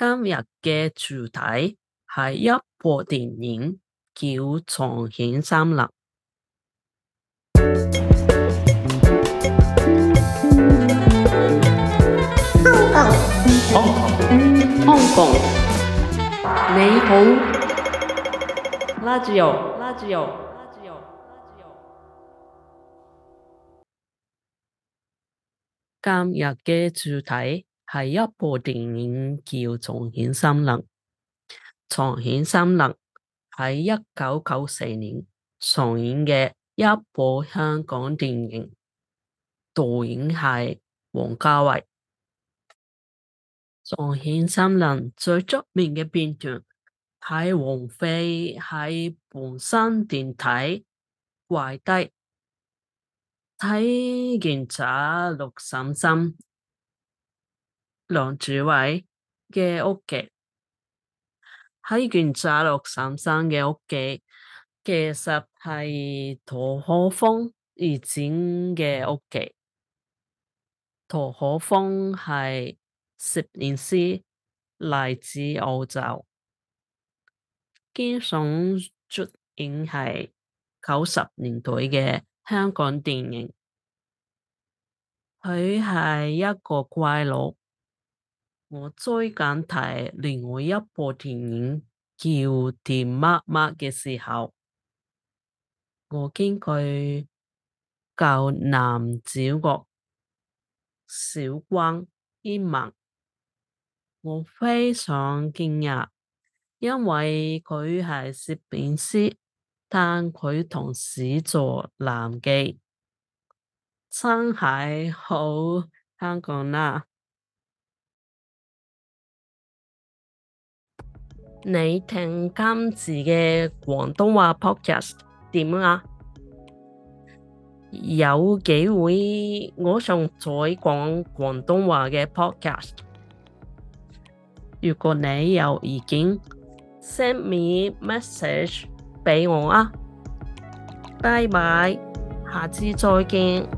今日嘅主題係一部電影叫《重慶森林》oh，嗯。a o o o o 今日嘅主題，係一部電影叫《重慶森林》。《重慶森林》係一九九四年上映嘅一部香港電影，導演係王家衛。《重慶森林》最著名嘅片段係王菲喺半山電梯懷低睇見咗陸心心。梁朝偉嘅屋企，喺袁家六嬸生嘅屋企，其實係杜可風而展嘅屋企。杜可風係攝影師，嚟自澳洲，經常出現喺九十年代嘅香港電影。佢係一個怪佬。我最近睇另外一部電影叫《甜蜜蜜》嘅時候，我見佢教男主角小光英文。我非常驚訝，因為佢係攝影師，但佢同時做男嘅真係好香港啦。你聽今次嘅廣東話 podcast 點啊？有機會我想再講廣東話嘅 podcast。如果你有意見，send me message 畀我啊。拜拜，下次再見。